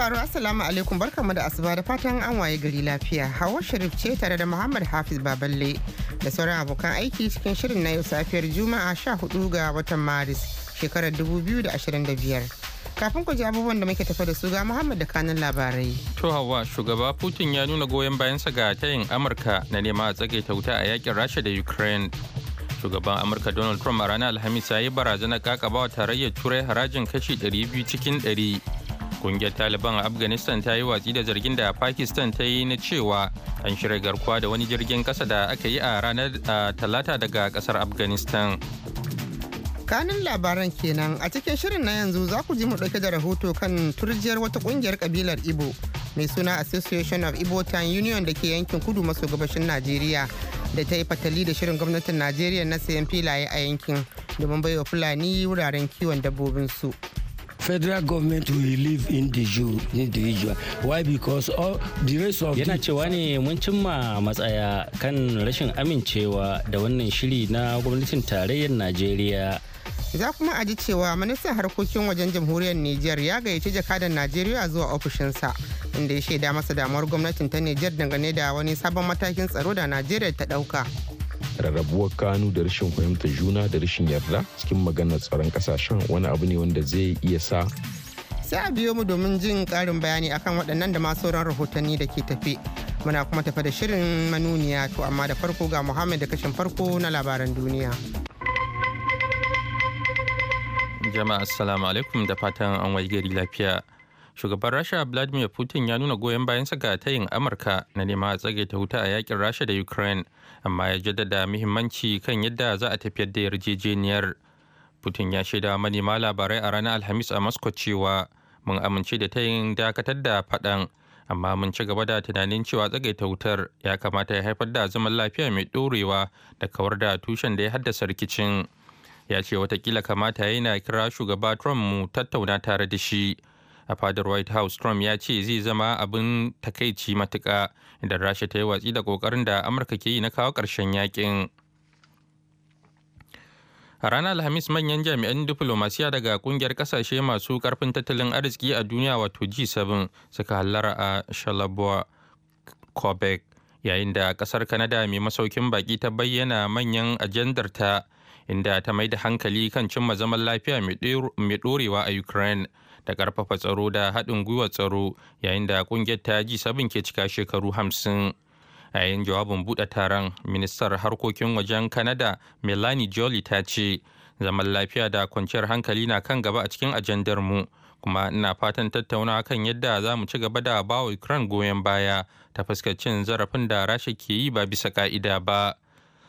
sauraro Assalamu alaikum barkamu da asuba da fatan an waye gari lafiya. Hawa Sharif ce tare da Muhammad Hafiz Baballe da sauran abokan aiki cikin shirin na yau safiyar Juma'a 14 ga watan Maris shekarar da da ashirin biyar Kafin ku ji abubuwan da muke tafa da su ga Muhammad da kanin labarai. To Hawa shugaba Putin ya nuna goyon bayansa ga tayin Amurka na nema a tsage ta wuta a yakin Rasha da Ukraine. shugaban amurka donald trump a ranar alhamis ya yi barazanar kakabawa tarayyar turai harajin kashi 200 cikin 100 Kungiyar Taliban a Afghanistan ta yi watsi da zargin da Pakistan ta yi na cewa an shirya garkuwa da wani jirgin kasa da aka yi a ranar talata daga kasar Afghanistan. kanin labaran kenan a cikin shirin na yanzu za ku ji mu ɗauke da rahoto kan turjiyar wata ƙungiyar kabilar ibo mai suna Association of Igbo Town Union da ke yankin kudu maso gabashin Najeriya da ta yi fatali da shirin gwamnatin Najeriya na sayan filaye a yankin domin baiwa Fulani wuraren kiwon dabbobin su. federal government will leave individual individual why because all the rest of yana cewa ne mun cimma matsaya kan rashin amincewa da wannan shiri na gwamnatin tarayyar najeriya za kuma a ji cewa ministan harkokin wajen jamhuriyar nijar ya gayyaci jakadan najeriya zuwa ofishinsa inda ya shaida masa damuwar gwamnatin ta nijar dangane da wani sabon matakin tsaro da najeriya ta dauka rarrabuwar kanu da rashin fahimtar juna da rashin yarda cikin maganar tsaron kasashen wani abu ne wanda zai iya sa sai a biyo mu domin jin karin bayani akan waɗannan da ma sauran rahotanni da ke tafe muna kuma tafe da shirin manuniya to amma da farko ga muhammad da kashin farko na labaran duniya jama'a assalamu alaikum da fatan an wayi gari lafiya shugaban rasha vladimir putin ya nuna goyon bayansa ga tayin amurka na nema a tsage ta wuta a yakin rasha da ukraine amma ya jaddada muhimmanci kan yadda za a tafiyar da yarjejeniyar putin ya shaida manema labarai a ranar alhamis a moscow cewa mun amince da ta yin dakatar da faɗan amma mun ci gaba da tunanin cewa ta wutar ya kamata ya haifar da zaman lafiya mai ɗorewa da kawar da tushen da ya haddasa rikicin ya ce watakila kamata ya yi na kira shugaba trump mu tattauna tare da shi a fadar white house trump ya ce zai zama abin takaici matuka idan rasha ta yi watsi da kokarin da amurka ke yi na kawo karshen yakin a ranar alhamis manyan jami'an diflomasiya daga kungiyar kasashe masu karfin tattalin arziki a duniya wato g7 suka hallara a shalabwa quebec yayin da kasar kanada mai masaukin baki ta bayyana manyan ajandar ta inda ta mai da hankali kan cimma zaman lafiya mai dorewa a ukraine da karfafa tsaro da haɗin gwiwar tsaro yayin da ƙungiyar ta ji sabin ke cika shekaru hamsin yayin jawabin buɗe taron ministar harkokin wajen kanada melanie jolly ta ce zaman lafiya da kwanciyar hankali na kan gaba a cikin ajandar mu kuma ina fatan tattauna kan yadda za mu ci gaba da ba wa ukraine goyon baya ta fuskar cin zarafin da rasha ke yi ba bisa ka'ida ba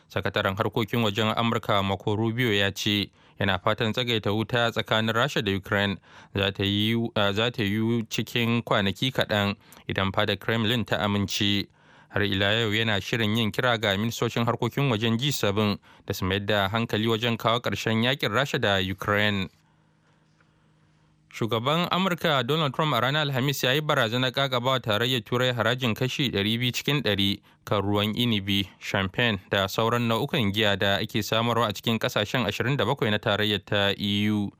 sakataren harkokin wajen amurka mako ya ce yana fatan tsagaita wuta tsakanin rasha da ukraine za ta yi eh, cikin kwanaki kaɗan idan fada kremlin ta amince har ila yau yana shirin yin kira ga ministocin harkokin wajen g7 da su mayar da hankali wajen kawo ƙarshen yakin rasha da ukraine Shugaban Amurka Donald Trump a ranar Alhamis ya yi barazanar kagabawa tarayyar Turai harajin kashi 200 cikin 100 kan ruwan inibi, champagne da sauran nau'ukan giya da ake samarwa a cikin kasashen 27 na tarayyar ta EU.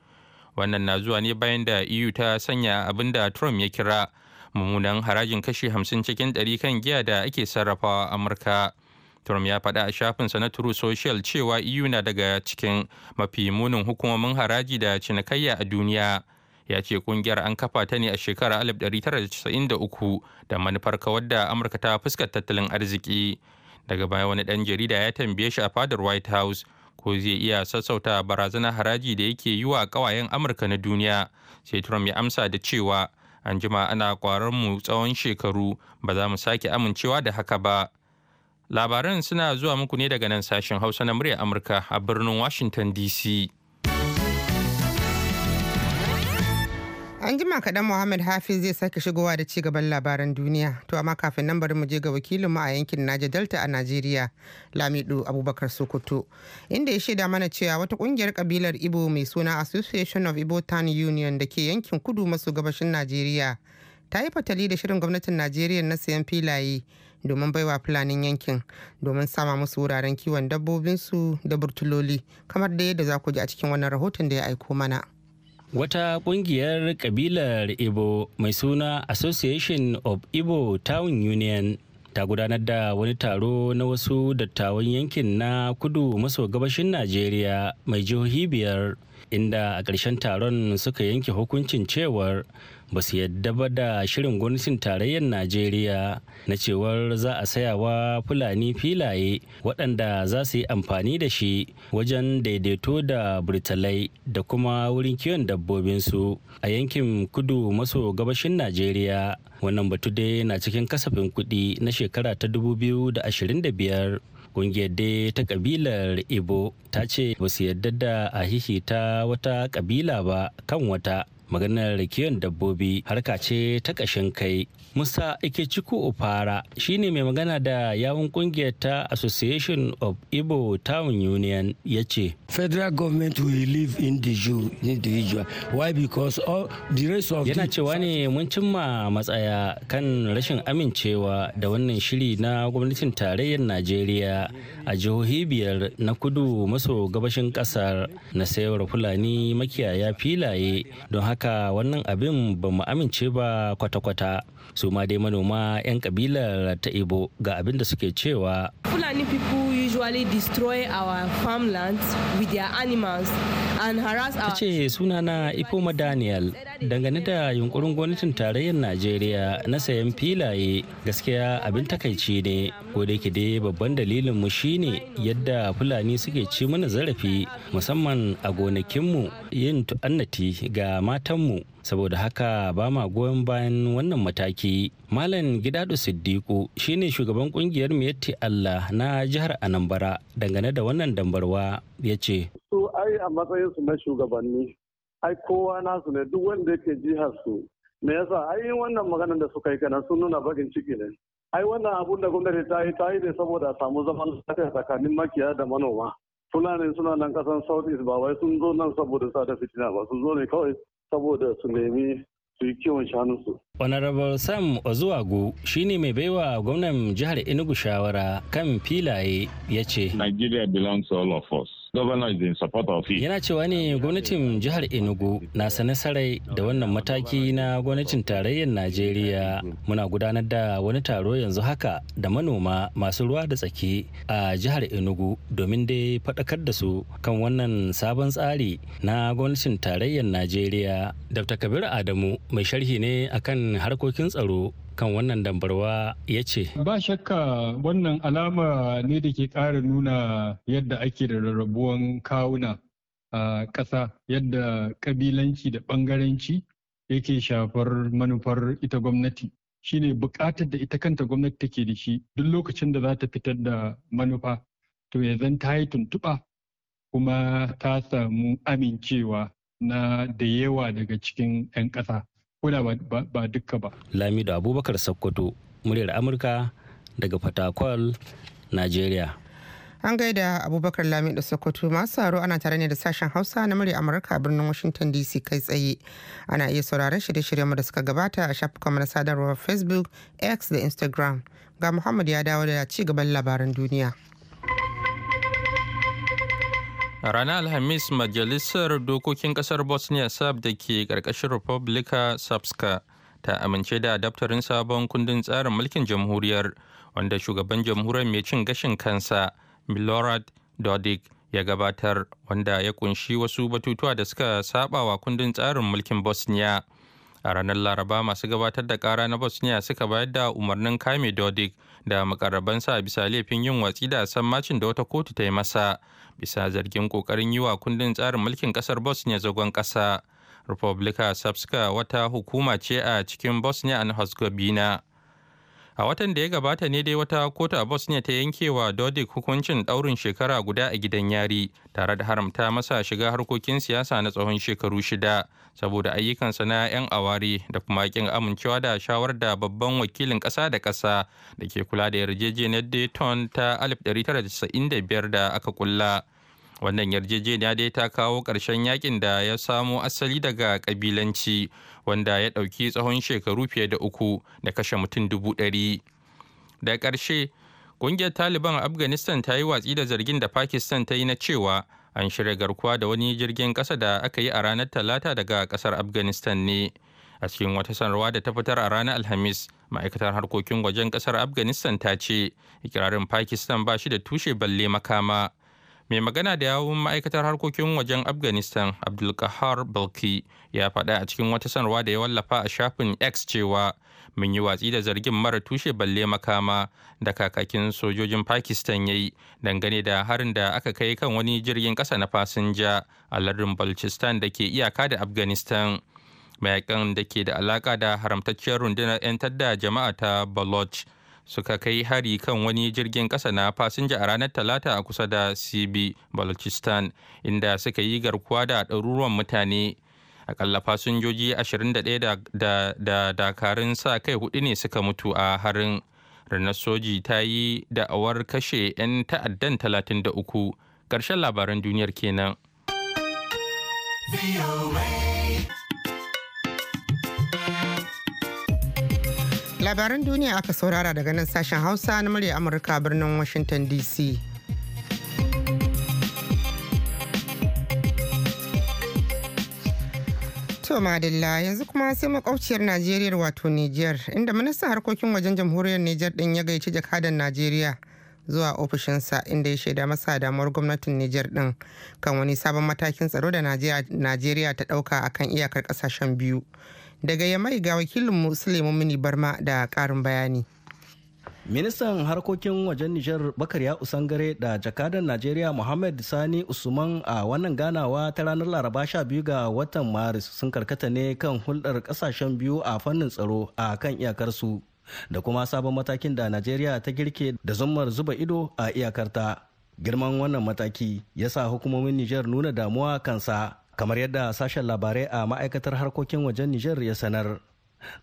Wannan na zuwa ne bayan da EU ta sanya abin da Trump ya kira mummunan harajin kashi 50 cikin 100 kan giya da ake sarrafawa Amurka. Trump ya faɗa a shafinsa na True Social cewa EU na daga cikin mafi munin hukumomin haraji da cinikayya a duniya. ya ce kungiyar an kafa ta ne a shekarar 1993 da manufar kawar da amurka ta fuskar tattalin arziki daga baya wani dan jarida ya tambaye shi a fadar white house ko zai iya sassauta barazana haraji da yake yi wa kawayen amurka na duniya sai trump ya amsa da cewa an jima ana kwarar mu tsawon shekaru ba za mu sake amincewa da haka ba labaran suna zuwa muku ne daga nan sashen hausa na murya amurka a birnin washington dc An jima kaɗan Muhammad Hafiz zai sake shigowa da cigaban labaran duniya. To amma kafin nan bari mu je ga wakilinmu a yankin Naja Delta a Najeriya, Lamidu Abubakar Sokoto, inda ya shaida mana cewa wata ƙungiyar kabilar Ibo mai suna Association of Igbo Town Union da ke yankin kudu maso gabashin Najeriya ta yi fatali da shirin gwamnatin Najeriya na sayan filaye domin baiwa fulanin yankin domin sama musu wuraren kiwon dabbobinsu da burtuloli kamar da yadda za ku ji a cikin wannan rahoton da ya aiko mana. Wata ƙungiyar ƙabilar Igbo mai suna Association of Igbo Town Union ta gudanar da wani taro na wasu dattawan yankin na kudu maso gabashin Najeriya mai jihohi biyar inda a ƙarshen taron suka yanke hukuncin cewar ba su yadda ba da shirin gwamnatin tarayyar najeriya na cewar za a saya wa fulani filaye waɗanda za su yi amfani da shi wajen daidaito da burtalai da kuma wurin kiwon dabbobinsu a yankin kudu maso gabashin najeriya wannan batu dai na cikin kasafin kuɗi na shekara ta 2025 Ƙungiyar dai ta ƙabilar ibo ta ce ba su yarda da a hihita wata ƙabila ba kan wata maganar rikiyon dabbobi harka ce ta ƙashin kai Musa Ikechukwu Opara shine mai magana da yawun kungiyar ta Association of Igbo Town Union ya ce. Federal government will live in the individual. Why? Because all the rest of Yana cewa ne mun cimma matsaya kan rashin amincewa da wannan shiri na gwamnatin tarayyar Najeriya a jihohi biyar na kudu maso gabashin kasar na sayar Fulani makiyaya filaye don haka wannan abin ba mu amince ba kwata-kwata. su ma dai manoma 'yan kabilar ta ibo ga abin da suke cewa fulani people usually destroy our farmlands with their animals and ce suna ce sunana Ifoma Daniel dangane da yunkurin gwamnatin tarayyar Najeriya na sayan filaye gaskiya abin takaici ne ko da dai babban dalilin mu shine yadda Fulani suke ci mana zarafi musamman a gonakinmu yin tu'annati ga matanmu saboda haka ba ma goyon bayan wannan mataki malam gidado siddiqu shine shugaban kungiyar miyatti allah na jihar anambra dangane da wannan dambarwa ya ce. Su ai a matsayin su na shugabanni, ai kowa nasu ne duk wanda yake jihar su. Me yasa ai wannan maganar da suka yi kana sun nuna bakin ciki ne. Ai wannan abun da gwamnati ta yi ta yi ne saboda a samu zaman lafiya tsakanin makiya da manoma. Fulani suna nan kasan South East ba wai sun zo nan saboda da fitina ba sun zo ne kawai saboda su nemi su yi kiwon shanunsu. Honorable Sam Ozuwagu shine mai baiwa gwamnan jihar Enugu shawara kan filaye ya ce. Nigeria belongs to all of us. in support of it. Yana cewa ne gwamnatin jihar Enugu na sane sarai da wannan mataki na gwamnatin tarayyar Najeriya. Muna gudanar da wani taro yanzu haka da manoma masu ruwa da tsaki a jihar Enugu domin dai faɗakar da su kan wannan sabon tsari na gwamnatin tarayyar Najeriya. Dr. Kabiru Adamu mai sharhi ne akan harkokin tsaro akan wannan dambarwa ya ce. Ba shakka wannan alama ne da ke ƙara nuna yadda ake da rarrabuwan kawuna a ƙasa yadda ƙabilanci da ɓangaranci yake shafar manufar ita gwamnati. shine buƙatar da ita kanta gwamnati take da shi duk lokacin da za ta fitar da manufa to ya zan ta yi tuntuɓa kuma ta samu amincewa na da yawa daga cikin 'yan ƙasa. kuna ba duka ba. Lamido Abubakar Sokoto, muryar Amurka daga Fatakwal, Najeriya. An gaida Abubakar Lamido Sokoto masu haro ana tare ne da sashen Hausa na murya Amurka birnin Washington DC kai tsaye. Ana iya sauraron shirye-shiryen da suka gabata a shafukan na sadarwar Facebook, X da Instagram. Ga Muhammad ya dawo da ci gaban labaran duniya. ranar alhamis majalisar dokokin kasar bosnia sab da ke karkashin republika sabska ta amince da daftarin sabon kundin tsarin mulkin jamhuriyar wanda shugaban jamhuriyar mai cin gashin kansa milorad dodik ya gabatar wanda ya kunshi wasu batutuwa da suka saba kundin tsarin mulkin bosnia a ranar laraba masu gabatar da kara na bosnia suka bayar da umarnin kame dodik da makarabansa bisa laifin yin watsi da sammacin da wata kotu ta yi masa bisa zargin kokarin yi wa kundin tsarin mulkin kasar bosnia zagon kasa republika sabska wata hukuma ce a cikin bosnia and herzegovina a watan da ya gabata ne dai wata kotu a bosnia ta yankewa dodik hukuncin daurin shekara guda a gidan yari tare da haramta masa shiga harkokin siyasa na tsawon shekaru shida saboda ayyukansa na 'yan awari da kuma kin amincewa da shawar da babban wakilin ƙasa da ƙasa da ke kula da yarjejeniyar dayton ta 1995 da aka kulla wannan yarjejeniya dai ta kawo ƙarshen yakin da ya samo asali daga ƙabilanci wanda ya ɗauki tsawon shekaru fiye da uku da kashe mutum dubu ɗari da ƙarshe ƙungiyar taliban a afghanistan ta yi watsi da zargin da pakistan ta yi na cewa an shirya garkuwa da wani jirgin ƙasa da aka yi a ranar talata daga ƙasar afghanistan ne a cikin wata sanarwa da ta fitar a ranar alhamis ma'aikatar harkokin wajen ƙasar afghanistan ta ce ikirarin pakistan ba shi da tushe balle makama mai magana da yawun ma'aikatar harkokin wajen afghanistan abdulkahar balki ya faɗa a cikin wata sanarwa da ya wallafa a shafin x cewa mun yi watsi da zargin mara tushe balle makama da kakakin sojojin pakistan ya yi dangane da harin da aka kai kan wani jirgin ƙasa na fasinja a lardin balchistan da ke iyaka da afghanistan mayakan da ke da alaka da haramtacciyar rundunar 'yan tadda jama'a ta baloch suka kai hari kan wani jirgin ƙasa na fasinja a ranar talata a kusa da cb balochistan inda suka yi garkuwa da ɗaruruwan mutane akalla fasinjoji 21 da dakarun sa kai hudu ne suka mutu a harin ranar soji ta yi da'awar kashe 'yan ta'addan 33 ƙarshen labaran duniyar kenan. labaran duniya aka saurara daga nan sashen hausa na murya amurka birnin washington dc to madalla yanzu kuma sai makwabciyar najeriya wato niger inda ministan harkokin wajen jamhuriyar niger din ya gaici jakadan najeriya zuwa ofishinsa inda ya shaida masa damar gwamnatin Nijar din kan wani sabon matakin tsaro da Najeriya ta dauka akan iyakar kasashen biyu. daga yamai ga wakilin musulmi mini barma da karin bayani ministan harkokin wajen nijar bakar usangare da jakadar najeriya muhammad sani usman a wannan ganawa ta ranar laraba 12 ga watan maris sun karkata ne kan hulɗar kasashen biyu a fannin tsaro a kan iyakarsu da kuma sabon matakin da najeriya ta girke da zummar zuba ido a iyakarta girman wannan mataki ya sa hukumomin nijar nuna damuwa kansa kamar yadda sashen labarai a ma'aikatar harkokin wajen Nijar ya sanar.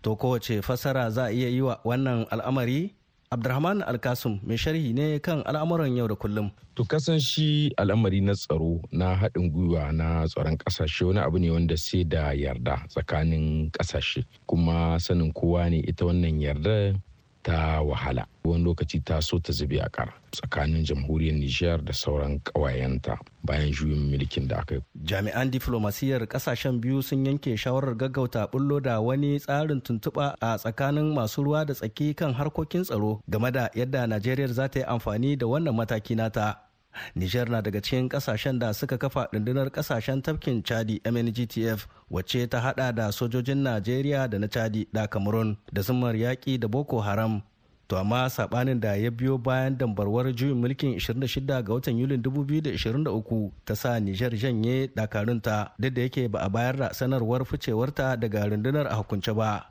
To kowace fasara za a iya yi wa wannan al'amari? Abdurrahman Alkasum mai sharhi ne kan al'amuran yau da kullum. To kasan shi al'amari na tsaro na haɗin gwiwa na tsaron ƙasashe wani abu ne wanda sai da yarda tsakanin ƙasashe kuma sanin kowa ne ita wannan yarda ta wahala wani lokaci ta so ta zube a kara tsakanin jamhuriyar nijar da sauran ƙawayenta bayan juyin mulkin da aka yi jami'an diflomasiyyar kasashen biyu sun yanke shawarar gaggauta bullo da wani tsarin tuntuɓa a tsakanin masu ruwa da tsaki kan harkokin tsaro game da yadda najeriya za ta yi amfani da wannan mataki nata Nijar na daga cikin kasashen da suka kafa rundunar kasashen tafkin Chadi MNGTF wacce ta hada da sojojin Najeriya da na Chadi da Cameroon da zumar yaƙi da Boko Haram. To amma sabanin da ya biyo bayan dambarwar juyin mulkin 26 ga watan Yulin 2023 ta sa Nijar janye dakarunta duk da yake ba a bayar da sanarwar ficewarta daga rundunar a hukunce ba.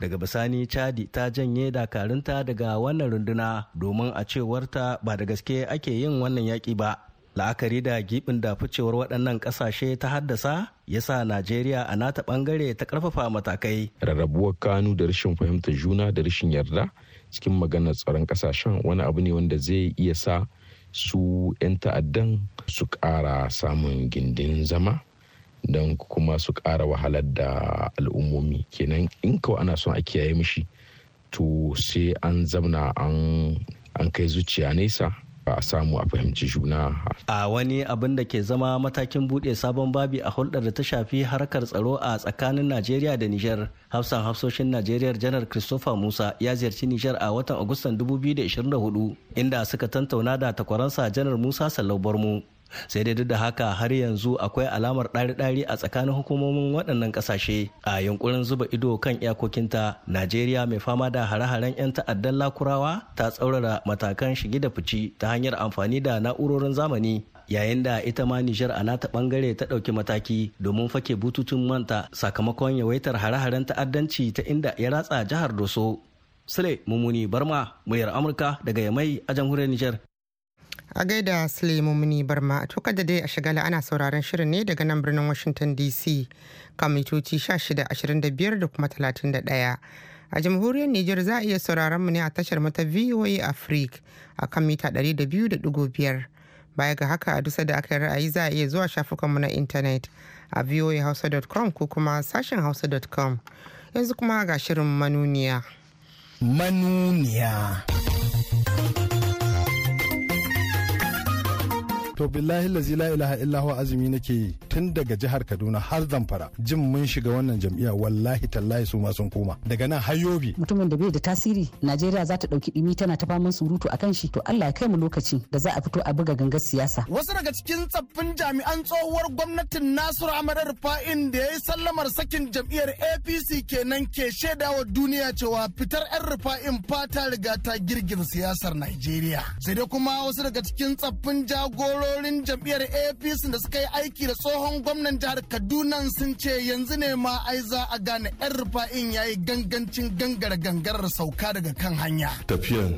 daga bisani chadi ta janye dakarunta daga wannan runduna domin a cewarta ba da gaske ake yin wannan yaƙi ba la'akari da gibin da ficewar waɗannan ƙasashe ta haddasa ya sa najeriya a nata ɓangare ta ƙarfafa matakai rarrabuwar kanu da rashin fahimtar juna da rashin yarda cikin maganar tsaron ƙasashen wani abu ne wanda zai iya sa su 'yan ta'addan su ƙara samun gindin zama don kuma su kara wahalar da al'ummomi kenan in kawai ana son a kiyaye mishi to sai an zamna an kai zuciya nesa ba a samu a fahimci juna. A wani abin da ke zama matakin buɗe sabon babi a hulɗar da ta shafi harkar tsaro a tsakanin Najeriya da Nijar. Hafsan hafsoshin Najeriya Janar Christopher Musa ya ziyarci Nijar a watan Agustan 2024 inda suka tantauna da takwaransa Janar Musa Sallau Barmu. sai dai duk da haka har yanzu akwai alamar ɗari-ɗari a tsakanin hukumomin waɗannan ƙasashe a yunkurin zuba ido kan iyakokinta najeriya mai fama da hare-haren 'yan ta'addan lakurawa ta tsaurara matakan shige da fici ta hanyar amfani da na'urorin zamani yayin da ita ma Nijar a nata bangare ta ɗauki mataki domin fake bututun manta sakamakon yawaitar hare-haren ta'addanci ta inda ya ratsa jihar Doso. Sule Mumuni Barma, muryar Amurka daga Yamai a jamhuriyar Nijar. a gaida sulemomini barma tuka da dai a shagala ana sauraron shirin ne daga nan birnin washington dc kan mitoci 1625 da kuma 31 a jamhuriyar niger za a iya sauraron mu ne a tashar mata voa africa a kan mita 200.5 baya ga haka a dusa da aka yi ra'ayi za a iya zuwa shafukanmu na intanet a voahausa.com ko kuma sashen hausa.com yanzu kuma ga shirin manuniya manuniya to billahi lazi la ilaha illahu azumi nake yi tun daga jihar kaduna har zamfara jin mun shiga wannan jam'iyya wallahi tallahi su ma sun koma daga nan har yobi mutumin da bai da tasiri najeriya za ta dauki dimi tana ta faman surutu akan shi to allah ya kai mu lokaci da za a fito a buga gangar siyasa wasu daga cikin tsaffin jami'an tsohuwar gwamnatin nasiru amara rufa'in da ya yi sallamar sakin jam'iyyar apc kenan ke shaidawa duniya cewa fitar yan rufa'in fata riga ta girgin siyasar najeriya sai dai kuma wasu daga cikin tsaffin jagoro jagororin jam'iyyar apc da suka yi aiki da tsohon gwamnan jihar kaduna sun ce yanzu ne ma ai za a gane yan rufa'in ya yi gangancin gangara gangarar sauka daga kan hanya tafiyan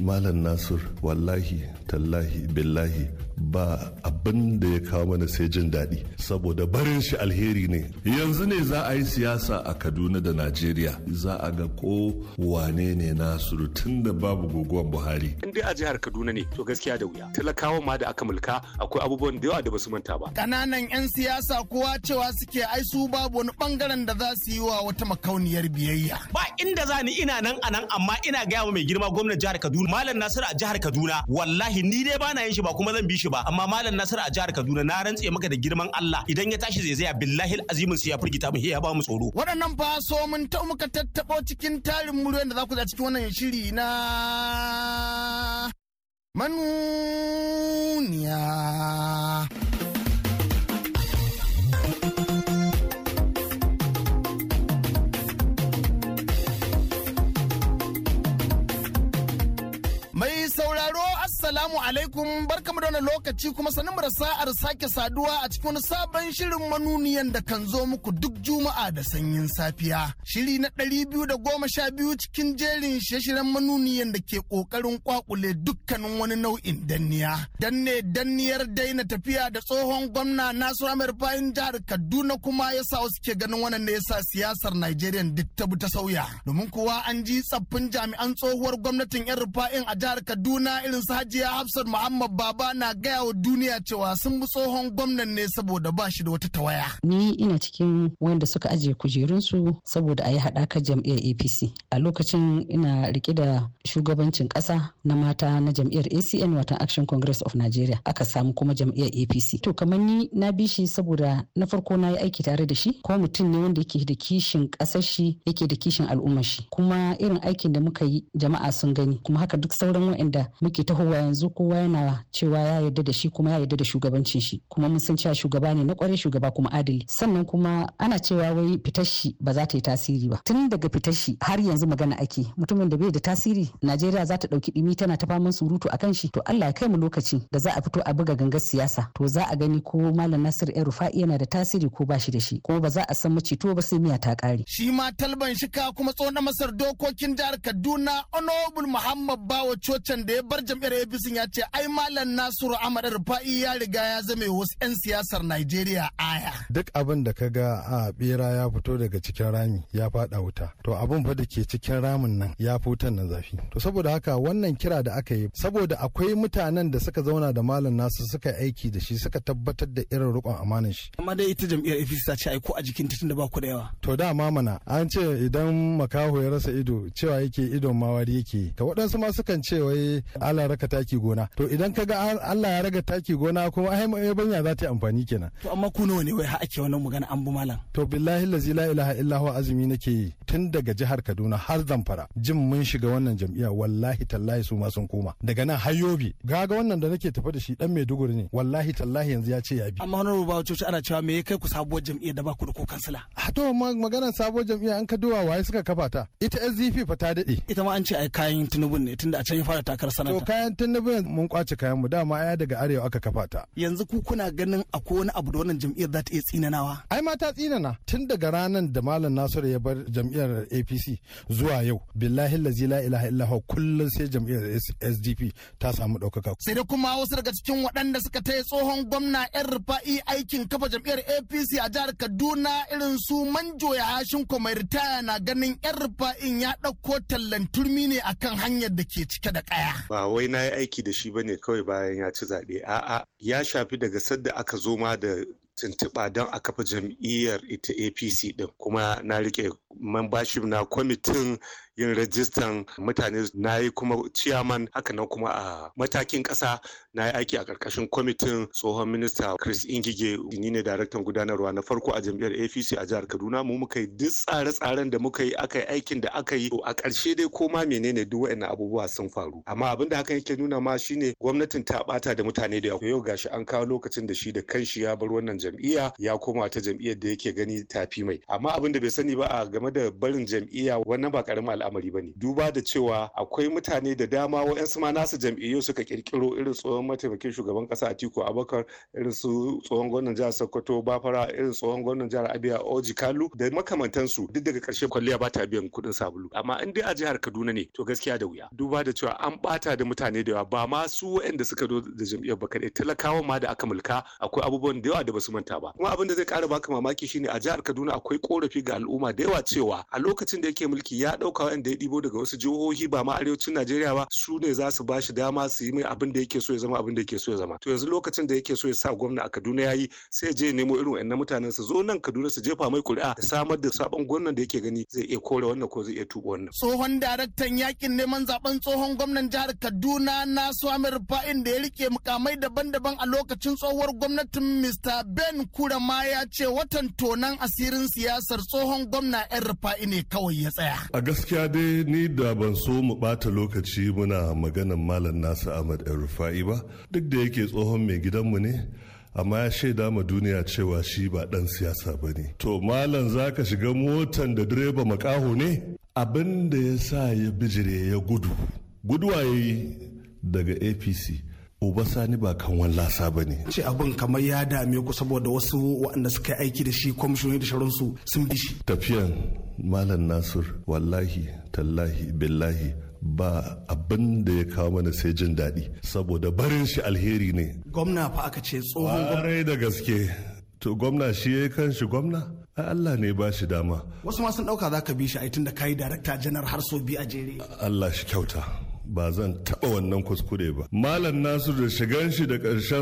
malam nasir wallahi tallahi billahi ba abin da ya kawo mana sai jin daɗi saboda barin shi alheri ne yanzu ne za a yi siyasa a kaduna da najeriya za a ga ko wane ne nasiru tun da babu guguwan buhari in dai a jihar kaduna ne to gaskiya da wuya talakawa ma da aka mulka akwai abubuwan da yawa da basu manta ba kananan yan siyasa kowa cewa suke ai su babu wani bangaren da za su yi wa wata makauniyar biyayya ba inda za ni ina nan anan amma ina gaya wa mai girma gwamnan jihar kaduna malam nasiru a jihar kaduna wallahi ni dai bana yin shi ba kuma zan bi shi ba amma malam nasir a jihar kaduna na rantse maka da girman allah idan ya tashi zaizaya billahi azimin sai ya firgita mu ya ba mu tsoro waɗannan fa so mun ta muka tattabo cikin tarin muryar da za ku za cikin wannan shiri na manuniya alaikum barkamu da wannan lokaci kuma sanin mu da sa'ar sake saduwa a cikin wani sabon shirin manuniyan da kan zo muku duk juma'a da sanyin safiya. Shiri na ɗari biyu da goma sha biyu cikin jerin shirye manuniyan da ke ƙoƙarin kwakule dukkanin wani nau'in danniya. Danne danniyar daina tafiya da tsohon gwamna Nasiru amir Bayan jihar Kaduna kuma ya sa wasu ke ganin wannan ne ya sa siyasar Najeriya duk ta ta sauya. Domin kuwa an ji tsaffin jami'an tsohuwar gwamnatin 'yan rufa'in a jihar Kaduna irin su Hajiya Hafsa Hassan Muhammad Baba na gaya wa duniya cewa sun bi tsohon gwamnan ne saboda ba shi da wata tawaya. Ni ina cikin wanda suka ajiye kujerunsu saboda a yi haɗaka jam'iyyar APC. A lokacin ina rike da shugabancin ƙasa na mata na jam'iyyar ACN wata Action Congress of Nigeria aka samu kuma jam'iyyar APC. To kamar ni na bi shi saboda na farko na yi aiki tare da shi kuma mutum ne wanda yake da kishin ƙasar shi yake da kishin al'ummar shi kuma irin aikin da muka yi jama'a sun gani kuma haka duk sauran waɗanda muke tahowa yanzu ko kowa yana cewa ya yarda da shi kuma ya yarda da shugabancin shi kuma mun san cewa shugaba ne na kwarai shugaba kuma adali sannan kuma ana cewa wai fitar shi ba za ta yi tasiri ba tun daga fitar shi har yanzu magana ake mutumin da bai da tasiri Najeriya za ta dauki dimi tana ta faman surutu akan shi to Allah ya kai mu lokaci da za a fito a buga gangar siyasa to za a gani ko Malam Nasir El Rufa'i yana da tasiri ko ba shi da shi kuma ba za a san to ba sai miya ta kare shi ma talban shika kuma tsohon masar dokokin jihar Kaduna Honorable Muhammad Bawo cocin da ya bar jam'iyyar abc ya ce ce ai malam Nasiru Amadu Rufa'i ya riga ya zame wasu 'yan siyasar Najeriya aya. Duk abin da ka ga a bera ya fito daga cikin rami ya fada wuta. To abin fa da ke cikin ramin nan ya fito na nan zafi. To saboda haka wannan kira da aka yi saboda akwai mutanen da suka zauna da malam nasu suka aiki da shi suka tabbatar da irin rukon amanan shi. Amma dai ita jam'iyyar APC ta ce ai ko a jikin ta da ba ku da yawa. To da mana an ce idan makaho ya rasa ido cewa yake idon mawari yake. Ka waɗansu ma sukan ce wai ala raka taki gona gona to idan ka ga Allah ya raga taki gona kuma ai yabanya za ta yi amfani kenan to amma ku nawa ne wai har ake wannan magana an bu malam to billahi lazi la ilaha illa huwa azumi nake yi tun daga jihar Kaduna har Zamfara jin mun shiga wannan jam'iyya wallahi tallahi su ma sun koma daga nan har Yobe ga wannan da nake tafi da shi dan Maiduguri ne wallahi tallahi yanzu ya ce ya bi amma wannan bawo coci ana cewa me kai ku sabuwar jam'iyyar da ba ku da ko kansila a to maganar sabuwar jam'iyya an ka duwa waye suka kafa ta ita SDP fa ta dade ita ma an ce ai kayan tunubun ne tunda a can ya fara takar sanata to kayan tunubun mun kwace kayan mu dama aya daga arewa aka kafa ta yanzu ku kuna ganin akwai wani abu da wannan jam'iyyar za ta iya tsinanawa ai ma ta tsinana tun daga ranar da malam nasiru ya bar jam'iyyar apc zuwa yau billahi lazi la ilaha kullum sai jam'iyyar sdp ta samu ɗaukaka sai da kuma wasu daga cikin waɗanda suka taya tsohon gwamna yan rufa'i aikin kafa jam'iyyar apc a jihar kaduna irin su manjo ya hashin mai ritaya na ganin yan rufa'in ya ɗauko tallan turmi ne akan hanyar da ke cike da kaya ba wai na yi aiki da shi ba ne kawai bayan ya ci zaɓe a'a ya shafi daga sadda aka zo ma da tuntuɓa don a kafa jam'iyyar ita apc din kuma na rike membership na kwamitin yin rajistan mutane na yi kuma ciyaman haka nan kuma a matakin ƙasa na yi aiki a karkashin kwamitin tsohon minista chris ingige ni ne daraktan gudanarwa na farko a jam'iyyar apc a jihar kaduna mu muka yi duk tsare-tsaren da muka yi aka yi aikin da aka yi a ƙarshe dai ko ma menene duk waɗannan abubuwa sun faru amma abin da hakan yake nuna ma shine gwamnatin ta bata da mutane da yau gashi an kawo lokacin da shi da kanshi ya bar wannan jam'iyya ya koma ta jam'iyyar da yake gani tafi mai amma abin da bai sani ba a game da barin jam'iyya wannan ba karamin al'amari al'amari ba ne duba da cewa akwai mutane da dama wa'yansu ma nasu jam'iyyu suka kirkiro irin tsohon mataimakin shugaban kasa atiku abubakar irin su tsohon gwamnan jihar sokoto bafara irin tsohon gwamnan jihar abia oji kalu da makamantansu duk daga ƙarshe kwalliya ba ta biyan kuɗin sabulu amma in dai a jihar kaduna ne to gaskiya da wuya duba da cewa an bata da mutane da yawa ba ma su wa'yanda suka zo da jam'iyyar ba kaɗai talakawa ma da aka mulka akwai abubuwan da yawa da basu manta ba kuma abin da zai ƙara baka mamaki shine a jihar kaduna akwai korafi ga al'umma da yawa cewa a lokacin da yake mulki ya ɗauka da ya ɗibo daga wasu jihohi ba ma arewacin Najeriya ba su ne za su bashi dama su yi mai abin da yake so ya zama abin da yake so ya zama to yanzu lokacin da yake so ya sa gwamna a Kaduna ya yi sai je nemo irin wa'annan mutanen su zo nan Kaduna su jefa mai kuri'a da samar da sabon gwamnan da yake gani zai iya kore wannan ko zai iya tuba wannan tsohon daraktan yakin neman zaben tsohon gwamnan jihar Kaduna na Swami Rufa'in da ya rike mukamai daban-daban a lokacin tsohuwar gwamnatin Mr. Ben Kurama ya ce watan tonan asirin siyasar tsohon gwamna 'yan Rufa'i ne kawai ya tsaya a gaskiya gaskiya dai ni da ban so mu ɓata lokaci muna maganan malam nasu ahmad rufa'i ba duk da yake tsohon mai gidanmu ne amma ya shaida ma duniya cewa shi ba ɗan siyasa ba ne to malam za ka shiga motan da direba makaho ne abin da ya sa ya bijire ya gudu guduwa ya yi daga apc Uba Sani ba kan wallasa ba ne. Ce abin kamar ya dame ku saboda wasu waɗanda suka yi aiki da shi kwamishinoni da sharansu sun bi shi. Tafiyan Malam Nasir wallahi tallahi billahi ba abin da ya kawo mana sai jin daɗi saboda barin shi alheri ne. Gwamna fa aka ce tsohon gwamna. da gaske. To gwamna shi ya yi kan shi gwamna? Allah ne ba shi dama. Wasu ma sun ɗauka za ka bi shi a tun da ka yi darakta janar har so biyu a jere. Allah shi kyauta. ba zan taɓa wannan kuskure ba malam nasu da shigan shi da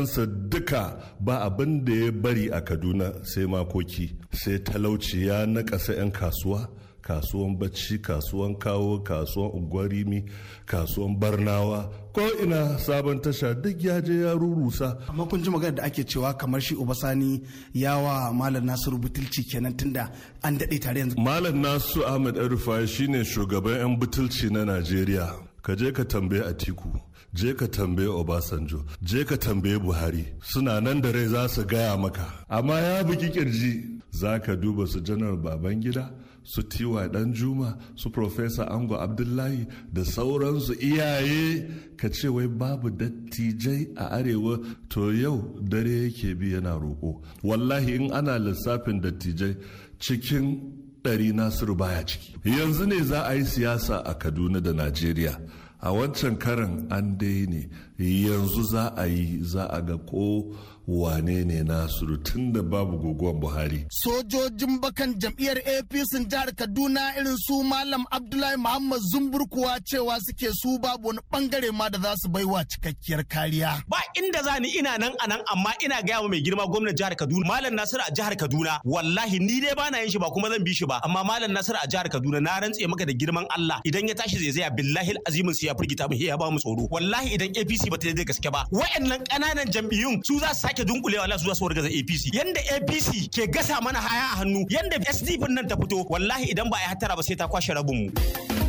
sa duka ba abin da ya bari a kaduna sai makoki sai talauci ya naƙasa 'yan kasuwa kasuwan bacci kasuwan kawo kasuwan ungwarimi kasuwan barnawa ko ina sabon tasha duk ya je ya rurusa amma kun ji magana da ake cewa kamar shi obasani wa malam nasiru butulci kenan tunda an daɗe tare yanzu malam nasu ahmed shi shine shugaban yan butulci na najeriya ka je ka tambaye atiku je ka tambaye obasanjo je ka tambaye buhari suna nan da rai za su gaya maka amma ya buki kirji za ka duba su janar babangida su tiwa dan juma su profesa ango abdullahi da sauransu iyaye ka ce wai babu dattijai a arewa to yau dare yake bi yana roƙo wallahi in ana lissafin dattijai cikin ɗari nasiru baya ciki yanzu ne za a yi siyasa a kaduna da najeriya a wancan karan an dai ne yanzu za a yi za a ga ko wane ne nasiru tun da babu guguwan buhari sojojin bakan jam'iyyar apc jihar kaduna irin su malam abdullahi muhammad zumbur kuwa cewa suke su babu wani bangare ma da za su baiwa cikakkiyar kariya ba inda za ni ina nan anan amma ina gaya mai girma gwamnan jihar kaduna malam nasiru a jihar kaduna wallahi ni dai ba na yin shi ba kuma zan bi shi ba amma malam nasiru a jihar kaduna na rantse maka da girman allah idan ya tashi zai zaya billahi azimin sai ya firgita mu ya ba mu tsoro wallahi idan apc ba ta daidai gaske ba wa'annan kananan jam'iyyun su za su sake sake dunkulewa Allah zuwa su wargaza APC yanda APC ke gasa mana haya a hannu yanda SDP nan ta fito wallahi idan ba a yi hattara ba sai ta kwashe rabin mu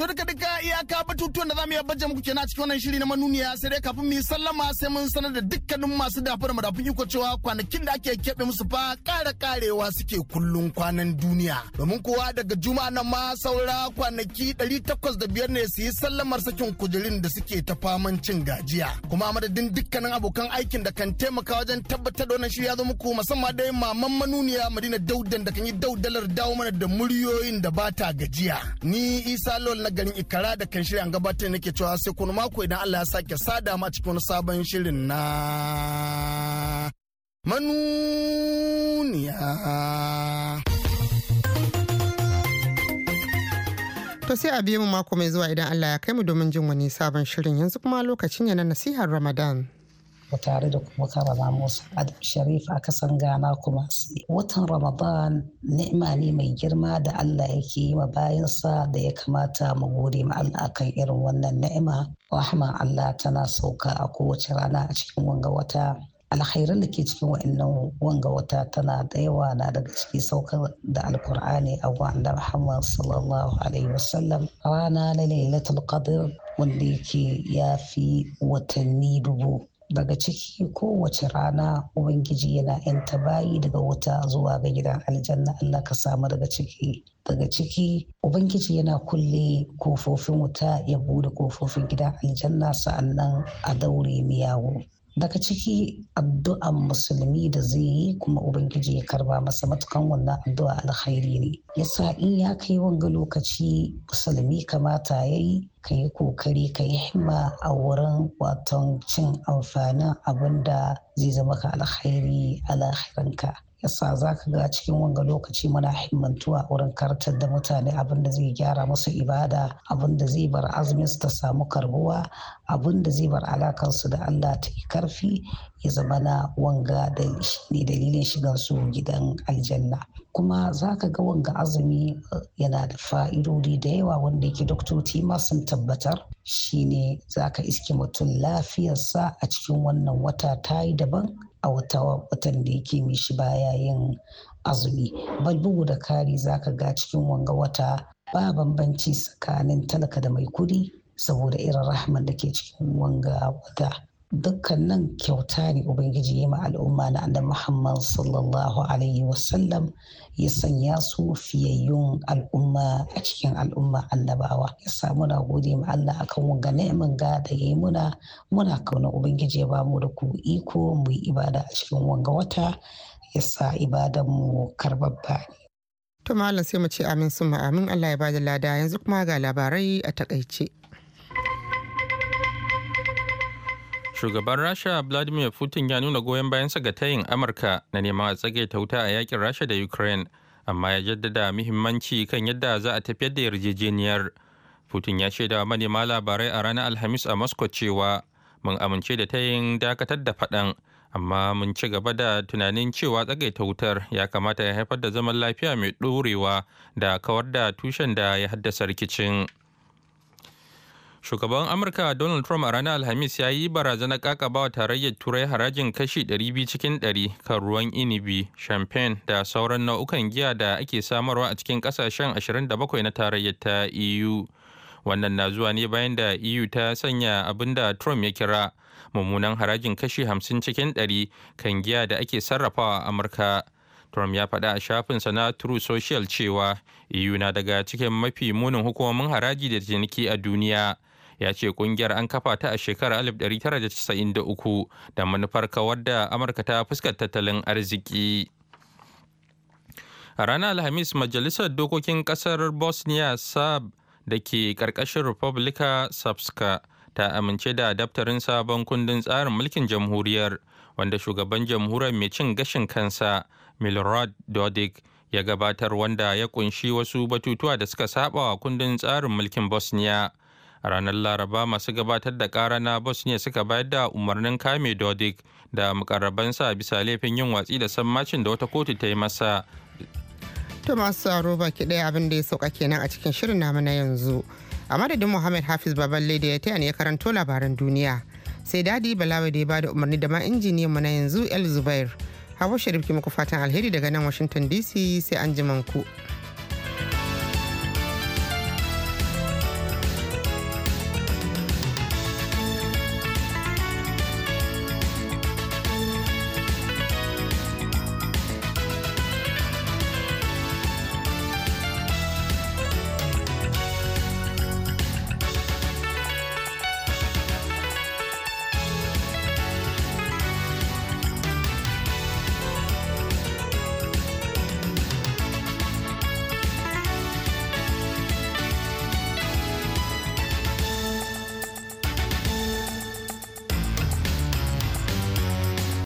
to duka duka iyaka batutuwan da zamu iya bajje muku kenan cikin wannan shiri na manuniya sai dai kafin mu yi sallama sai mun sanar da dukkanin masu dafa da madafun iko cewa kwanakin da ake kebe musu fa ƙara ƙarewa suke kullun kwanan duniya domin kowa daga juma'a nan ma saura kwanaki ɗari da biyar ne su yi sallamar sakin kujerun da suke ta faman cin gajiya kuma madadin dukkanin abokan aikin da kan taimaka wajen tabbatar da wannan shiri ya zo muku musamman dai maman manuniya madina daudan da kan yi daudalar dawo mana da muryoyin da ba ta gajiya ni isa lol na katsina garin ikara da kan shirya gabatar nake cewa sai kuma mako idan Allah ya sake sada ma cikin wani sabon shirin na manuniya. To sai a biye mu mako mai zuwa idan Allah ya kai mu domin jin wani sabon shirin yanzu kuma lokacin ya na nasihar Ramadan. tare da kuma karama musa adam sharif a kasan ghana kuma watan ramadan ni'ima ne mai girma da allah yake yi wa bayansa da ya kamata mu gode ma allah akan irin wannan ni'ima rahman allah tana sauka a kowace rana a cikin wanga wata alkhairan da ke cikin wa'annan wanga wata tana da yawa na daga ciki saukar da alkur'ani a wa'anda muhammad sallallahu alaihi wasallam rana na lailatul qadr wanda yake ya fi watanni dubu daga ciki kowace rana ubangiji yana yanta bayi daga wuta zuwa ga gidan aljanna allah ka samu daga ciki daga ciki ubangiji yana kulle kofofin wuta ya bude kofofin gidan aljanna sa'annan a daure miyawu daga ciki addu'an musulmi da zai yi kuma ubangiji ya karba masa matukan wannan addu'a alkhairi ne yasa in ya kai wanga lokaci musulmi kamata ya yi ka yi kokari ka yi himma a wurin waton cin amfanin abin da zai zama ka alkhairi a lahirinka yasa za ka ga cikin wanga lokaci muna himmantuwa wurin karatar da mutane abin da zai gyara musu ibada abin da zai bar azumin su ta samu karbuwa abin da zai bar alakansu da Allah ta yi karfi ya zama na wanga da shi ne dalilin shigan su gidan aljanna kuma za ka ga wanga azumi eh, yana da fa'idodi da yawa wanda yake doktoci ma sun tabbatar ne za ka iske mutum lafiyarsa a cikin wannan wata ta yi daban a wata watan da yake mishi baya yin azumi bugu da kari za ka ga cikin wanga wata ba bambanci tsakanin talaka da mai kudi saboda irin rahman da ke cikin wanga wata dukkanin kyauta ne ubangiji ya ma al'umma na annabi muhammad sallallahu alaihi wasallam ya sanya su fiyayyun al'umma a cikin al'umma annabawa ya sa muna gode ma allah akan wanga ne'min ga da yayi muna muna kauna ubangiji ya mu da ku iko mu yi ibada a cikin wanga wata ya sa ibadan mu karbabba ne to malam sai mu ce amin summa amin allah ya bada lada yanzu kuma ga labarai a takaice Shugaban Rasha Vladimir Putin ya nuna goyon bayansa ga tayin Amurka na neman a tsage ta wuta a yakin Rasha da Ukraine, amma ya jaddada muhimmanci kan yadda za a tafiyar da yarjejeniyar. Putin ya shaida wa manema labarai a ranar Alhamis a Moscow cewa mun amince da tayin dakatar da faɗan, amma mun ci gaba da tunanin cewa ta wutar ya kamata ya haifar da zaman lafiya mai ɗorewa da kawar da tushen da ya haddasa rikicin. Shugaban Amurka Donald Trump a ranar Alhamis ya yi barazana kakabawa tarayyar Turai harajin kashi 200 cikin 100 kan ruwan inibi, champagne da sauran nau'ukan giya da ake samarwa a cikin kasashen 27 na tarayyar ta EU. Wannan na zuwa ne bayan da EU ta sanya abin da Trump ya kira mummunan harajin kashi 50 cikin 100 kan giya da ake sarrafawa a Amurka. Trump ya faɗa a shafin na True Social cewa EU na daga cikin mafi munin hukumomin haraji da ciniki a duniya. ya ce kungiyar an kafa ta a shekarar 1993 da manufar kawar da amurka ta fuskar tattalin arziki a ranar alhamis majalisar dokokin kasar bosnia sab da ke karkashin republika sabska ta amince da daftarin sabon kundin tsarin mulkin jamhuriyar wanda shugaban jamhuriyar mai cin gashin kansa milorad dodik ya gabatar wanda ya kunshi wasu batutuwa da suka saba wa kundin tsarin mulkin bosnia a ranar laraba masu gabatar da kara na bosnia suka bayar da umarnin kame dodik da mukarrabansa bisa laifin yin watsi da sammacin da wata kotu ta yi masa to masu tsaro baki ɗaya abin da ya sauka kenan a cikin shirin namu na yanzu a madadin muhammad hafiz baballe da ya taya ne karanto labaran duniya sai dadi balawa da ya bada umarni da ma injiniyan mu na yanzu el zubair hawa sharif ki muku fatan alheri daga nan washington dc sai an ku.